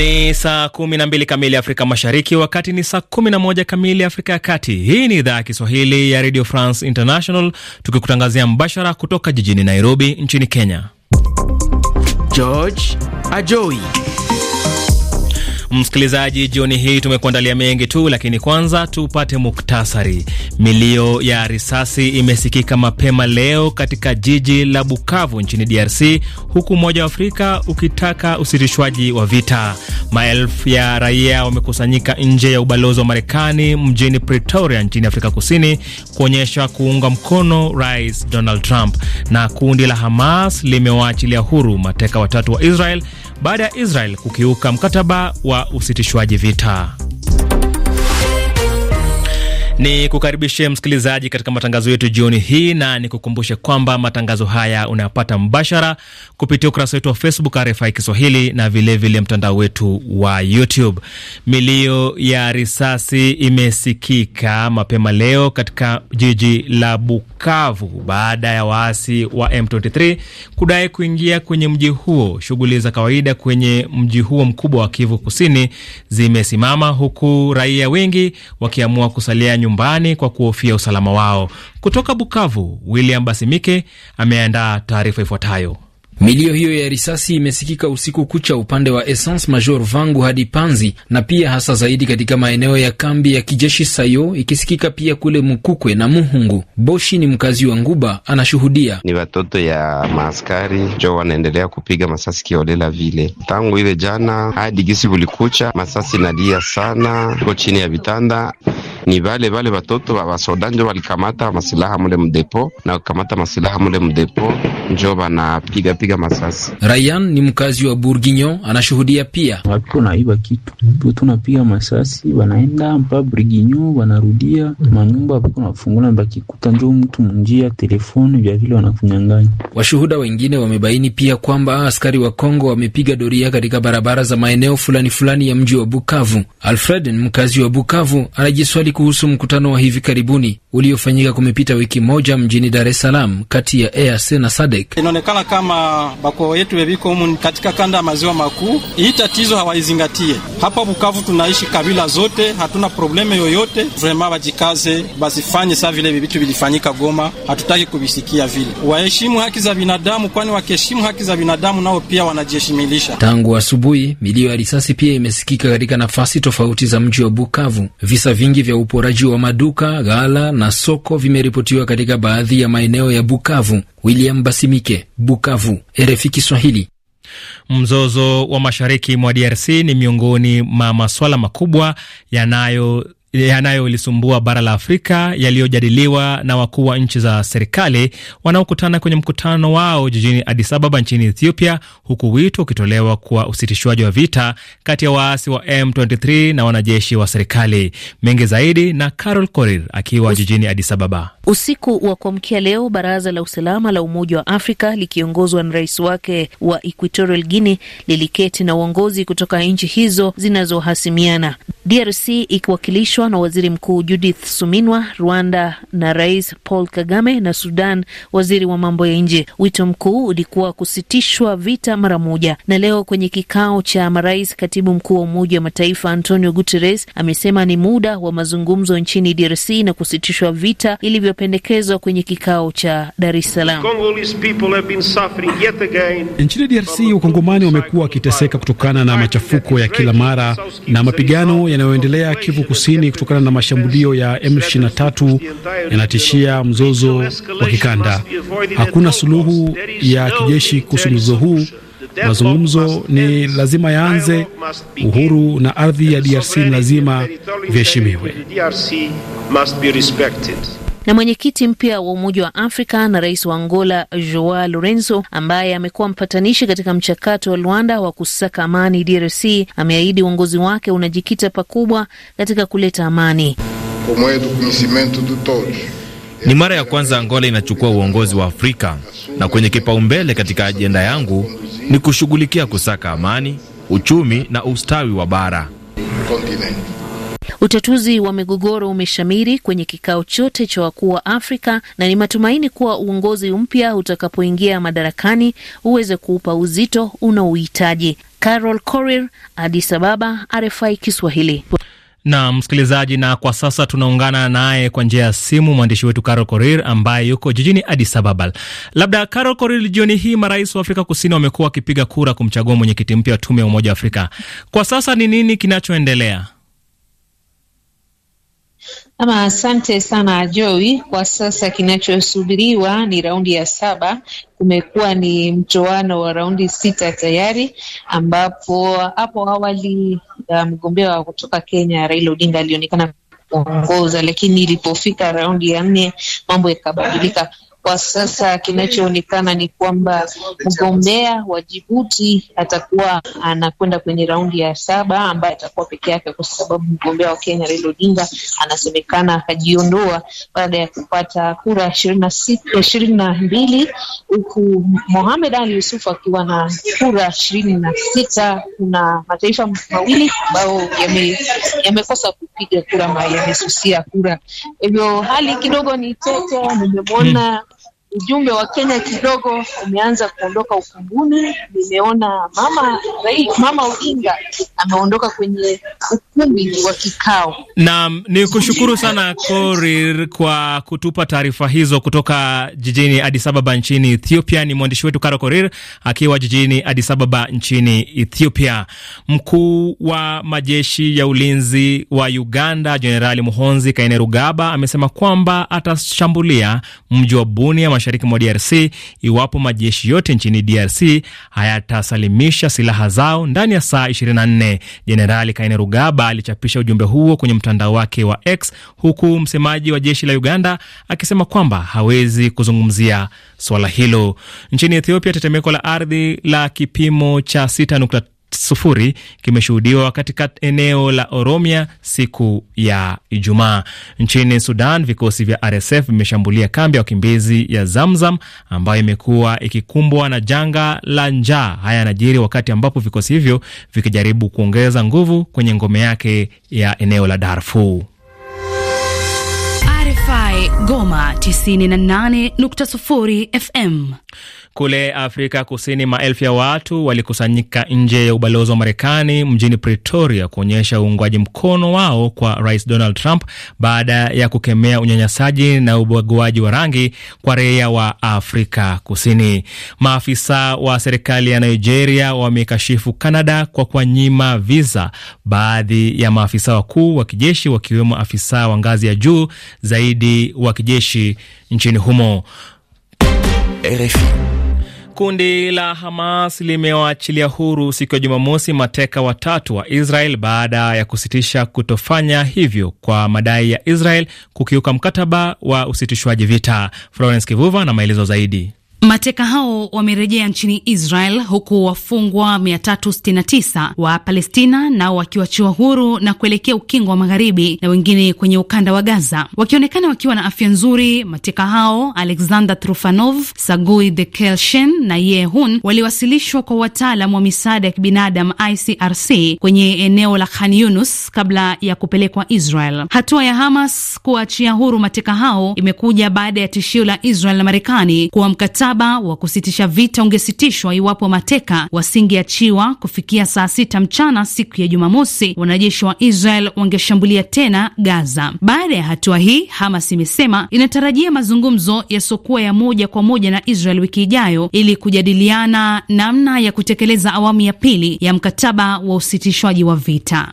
Ni saa mbili kamili Afrika Mashariki, wakati ni saa 11 kamili Afrika ya Kati. Hii ni idhaa ya Kiswahili ya Radio France International, tukikutangazia mbashara kutoka jijini Nairobi nchini Kenya. George Ajoi Msikilizaji, jioni hii tumekuandalia mengi tu, lakini kwanza tupate muktasari. Milio ya risasi imesikika mapema leo katika jiji la Bukavu nchini DRC, huku Umoja wa Afrika ukitaka usitishwaji wa vita. Maelfu ya raia wamekusanyika nje ya ubalozi wa Marekani mjini Pretoria nchini Afrika Kusini kuonyesha kuunga mkono Rais Donald Trump. Na kundi la Hamas limewaachilia huru mateka watatu wa Israel baada ya Israel kukiuka mkataba wa usitishwaji vita. Ni kukaribishe msikilizaji katika matangazo yetu jioni hii, na nikukumbushe kwamba matangazo haya unayapata mbashara kupitia ukurasa wetu wa Facebook RFI Kiswahili na vilevile mtandao wetu wa YouTube. Milio ya risasi imesikika mapema leo katika jiji la Bukavu baada ya waasi wa M23 kudai kuingia kwenye mji huo. Shughuli za kawaida kwenye mji huo mkubwa wa Kivu Kusini zimesimama huku raia wengi wakiamua kusalia nyumbani nyumbani kwa kuhofia usalama wao. Kutoka Bukavu, William Basimike ameandaa taarifa ifuatayo. Milio hiyo ya risasi imesikika usiku kucha upande wa Essence Major Vangu hadi Panzi na pia hasa zaidi katika maeneo ya kambi ya kijeshi Sayo, ikisikika pia kule Mukukwe na Muhungu. Boshi ni mkazi wa Nguba, anashuhudia. Ni watoto ya maaskari jo wanaendelea kupiga masasi kiolela vile, tangu ile jana hadi gisi kulikucha, masasi nalia sana, iko chini ya vitanda ni vale vale watoto wasoda njo walikamata masilaha mule mdepo na kukamata masilaha mule mdepo njo wanapiga piga masasi. Ryan ni mkazi wa Bourguignon, anashuhudia pia watu naiba kitu, tunapiga masasi, wanaenda mpa Bourguignon, wanarudia manyumba hapo nafungula, bakikuta njo mtu mnjia telefoni vya vile wanakunyang'anya. Washuhuda wengine wamebaini pia kwamba askari wa Kongo wamepiga doria katika barabara za maeneo fulani fulani ya mji wa Bukavu. Alfred, mkazi wa Bukavu, anajiswali kuhusu mkutano wa hivi karibuni uliofanyika kumepita wiki moja mjini Dar es Salaam kati ya EAC na sadek Inaonekana kama bako yetu weviko humu katika kanda ya maziwa makuu, hii tatizo hawaizingatie. Hapa Bukavu tunaishi kabila zote, hatuna probleme yoyote. Vrema wajikaze, basifanye saa vile vivitu vilifanyika Goma, hatutaki kuvisikia vile. Waheshimu haki za binadamu, kwani wakiheshimu haki za binadamu nao pia wanajiheshimilisha. Tangu asubuhi milio ya risasi pia imesikika katika nafasi tofauti za mji wa Bukavu. Visa vingi vya uporaji wa maduka, ghala na soko vimeripotiwa katika baadhi ya maeneo ya Bukavu. William Basimike, Bukavu, RFI Kiswahili. Mzozo wa mashariki mwa DRC ni miongoni mwa maswala makubwa yanayo ilisumbua bara la Afrika yaliyojadiliwa na wakuu wa nchi za serikali wanaokutana kwenye mkutano wao jijini Addis Ababa nchini Ethiopia, huku wito ukitolewa kwa usitishwaji wa vita kati ya waasi wa M23 na wanajeshi wa serikali. Mengi zaidi na Carol Korir akiwa Us jijini Addis Ababa. Usiku wa kuamkia leo, baraza la usalama la Umoja wa Afrika likiongozwa na rais wake wa Equatorial Guinea liliketi na uongozi kutoka nchi hizo zinazohasimiana, DRC ikiwakilishwa kuwasilishwa na waziri mkuu Judith Suminwa, Rwanda na Rais Paul Kagame na Sudan waziri wa mambo ya nje. Wito mkuu ulikuwa kusitishwa vita mara moja, na leo kwenye kikao cha marais, katibu mkuu wa Umoja wa Mataifa Antonio Guterres amesema ni muda wa mazungumzo nchini DRC na kusitishwa vita ilivyopendekezwa kwenye kikao cha Dar es Salaam. Nchini DRC wakongomani wamekuwa wakiteseka kutokana na machafuko ya kila mara na mapigano yanayoendelea Kivu Kusini kutokana na mashambulio ya M23 yanatishia mzozo wa kikanda. Hakuna suluhu ya kijeshi kuhusu mzozo huu. Mazungumzo ni lazima yaanze. Uhuru na ardhi ya DRC ni lazima viheshimiwe. Na mwenyekiti mpya wa Umoja wa Afrika na rais wa Angola Joao Lorenzo, ambaye amekuwa mpatanishi katika mchakato wa Luanda wa kusaka amani DRC, ameahidi uongozi wake unajikita pakubwa katika kuleta amani. Ni mara ya kwanza Angola inachukua uongozi wa Afrika, na kwenye kipaumbele katika ajenda yangu ni kushughulikia kusaka amani, uchumi na ustawi wa bara Continent. Utatuzi wa migogoro umeshamiri kwenye kikao chote cha wakuu wa Afrika na ni matumaini kuwa uongozi mpya utakapoingia madarakani uweze kuupa uzito unaouhitaji. Carol Korir, Addis Ababa, RFI Kiswahili. Na msikilizaji, na kwa sasa tunaungana naye kwa njia ya simu mwandishi wetu Carol Korir ambaye yuko jijini Addis Ababa. Labda Carol Korir, jioni hii marais wa Afrika Kusini wamekuwa wakipiga kura kumchagua mwenyekiti mpya wa tume ya Umoja wa Afrika. Kwa sasa ni nini kinachoendelea? Ama asante sana joi Kwa sasa kinachosubiriwa ni raundi ya saba. Kumekuwa ni mtoano wa raundi sita tayari, ambapo hapo awali uh, mgombea um, wa kutoka Kenya Raila Odinga alionekana kuongoza, lakini ilipofika raundi ya nne mambo yakabadilika kwa sasa kinachoonekana ni kwamba mgombea wa Jibuti atakuwa anakwenda kwenye raundi ya saba ambaye atakuwa peke yake, kwa sababu mgombea wa Kenya Raila Odinga anasemekana akajiondoa baada ya kupata kura ishirini na mbili huku Mohamed Ali Yusuf akiwa na kura ishirini na sita. Kuna mataifa mawili ambayo yamekosa yame kupiga kura ambayo yamesusia kura, hivyo hali kidogo ni tete. Nimemwona ujumbe wa Kenya kidogo umeanza kuondoka ukumbuni. Nimeona mama rai, mama Odinga ameondoka kwenye ukumbi wa kikao. Naam, ni kushukuru sana Korir kwa kutupa taarifa hizo kutoka jijini Addis Ababa nchini Ethiopia. Ni mwandishi wetu Karo Korir akiwa jijini Addis Ababa nchini Ethiopia. Mkuu wa majeshi ya ulinzi wa Uganda Jenerali Muhonzi Kainerugaba amesema kwamba atashambulia mji wa Bunia mashariki mwa DRC iwapo majeshi yote nchini DRC hayatasalimisha silaha zao ndani ya saa 24. Jenerali Kaine Rugaba alichapisha ujumbe huo kwenye mtandao wake wa X, huku msemaji wa jeshi la Uganda akisema kwamba hawezi kuzungumzia swala hilo. Nchini Ethiopia, tetemeko la ardhi la kipimo cha 6 sufuri kimeshuhudiwa katika eneo la Oromia siku ya Ijumaa. Nchini Sudan, vikosi vya RSF vimeshambulia kambi ya wakimbizi ya Zamzam ambayo imekuwa ikikumbwa na janga la njaa. Haya yanajiri wakati ambapo vikosi hivyo vikijaribu kuongeza nguvu kwenye ngome yake ya eneo la Darfur. RFI Goma 98.0 FM. Kule Afrika Kusini, maelfu ya watu walikusanyika nje ya ubalozi wa Marekani mjini Pretoria kuonyesha uungwaji mkono wao kwa Rais Donald Trump baada ya kukemea unyanyasaji na ubaguaji wa rangi kwa raia wa Afrika Kusini. Maafisa wa serikali ya Nigeria wamekashifu canada kwa kuwanyima visa baadhi ya maafisa wakuu wa kijeshi, wakiwemo afisa wa ngazi ya juu zaidi wa kijeshi nchini humo. RFI. Kundi la Hamas limewaachilia huru siku ya Jumamosi mateka watatu wa Israel baada ya kusitisha kutofanya hivyo kwa madai ya Israel kukiuka mkataba wa usitishwaji vita. Florence Kivuva na maelezo zaidi. Mateka hao wamerejea nchini Israel huku wafungwa 369 wa Palestina nao wakiwachiwa huru na kuelekea ukingo wa magharibi na wengine kwenye ukanda wa Gaza wakionekana wakiwa na afya nzuri. Mateka hao Alexander Trufanov, Sagui de Kelshen na Yehun waliwasilishwa kwa wataalam wa misaada ya kibinadamu ICRC kwenye eneo la Khan Yunus kabla ya kupelekwa Israel. Hatua ya Hamas kuachia huru mateka hao imekuja baada ya tishio la Israel na Marekani kuwa mkata mkataba wa kusitisha vita ungesitishwa iwapo mateka wasingeachiwa kufikia saa sita mchana siku ya Jumamosi, wanajeshi wa Israel wangeshambulia tena Gaza. Baada ya hatua hii, Hamas imesema inatarajia mazungumzo yasiokuwa ya moja kwa moja na Israel wiki ijayo ili kujadiliana namna ya kutekeleza awamu ya pili ya mkataba wa usitishwaji wa vita.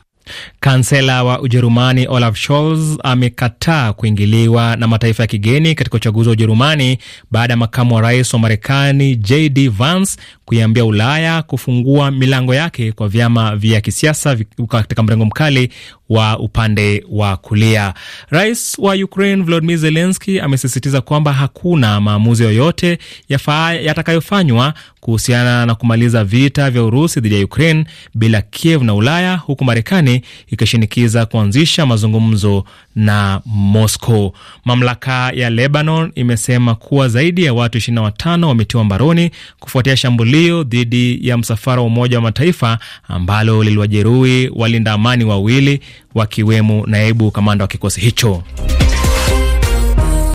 Kansela wa Ujerumani Olaf Scholz amekataa kuingiliwa na mataifa ya kigeni katika uchaguzi wa Ujerumani baada ya makamu wa rais wa Marekani JD Vance kuiambia Ulaya kufungua milango yake kwa vyama vya kisiasa katika mrengo mkali wa upande wa kulia. Rais wa Ukraine Volodymyr Zelensky amesisitiza kwamba hakuna maamuzi yoyote yatakayofanywa kuhusiana na kumaliza vita vya Urusi dhidi ya Ukraine bila Kiev na Ulaya, huku Marekani ikishinikiza kuanzisha mazungumzo na Moscow. Mamlaka ya Lebanon imesema kuwa zaidi ya watu 25 wametiwa mbaroni kufuatia shambulio dhidi ya msafara wa Umoja wa Mataifa ambalo liliwajeruhi walinda amani wawili wakiwemo naibu kamanda wa kikosi hicho.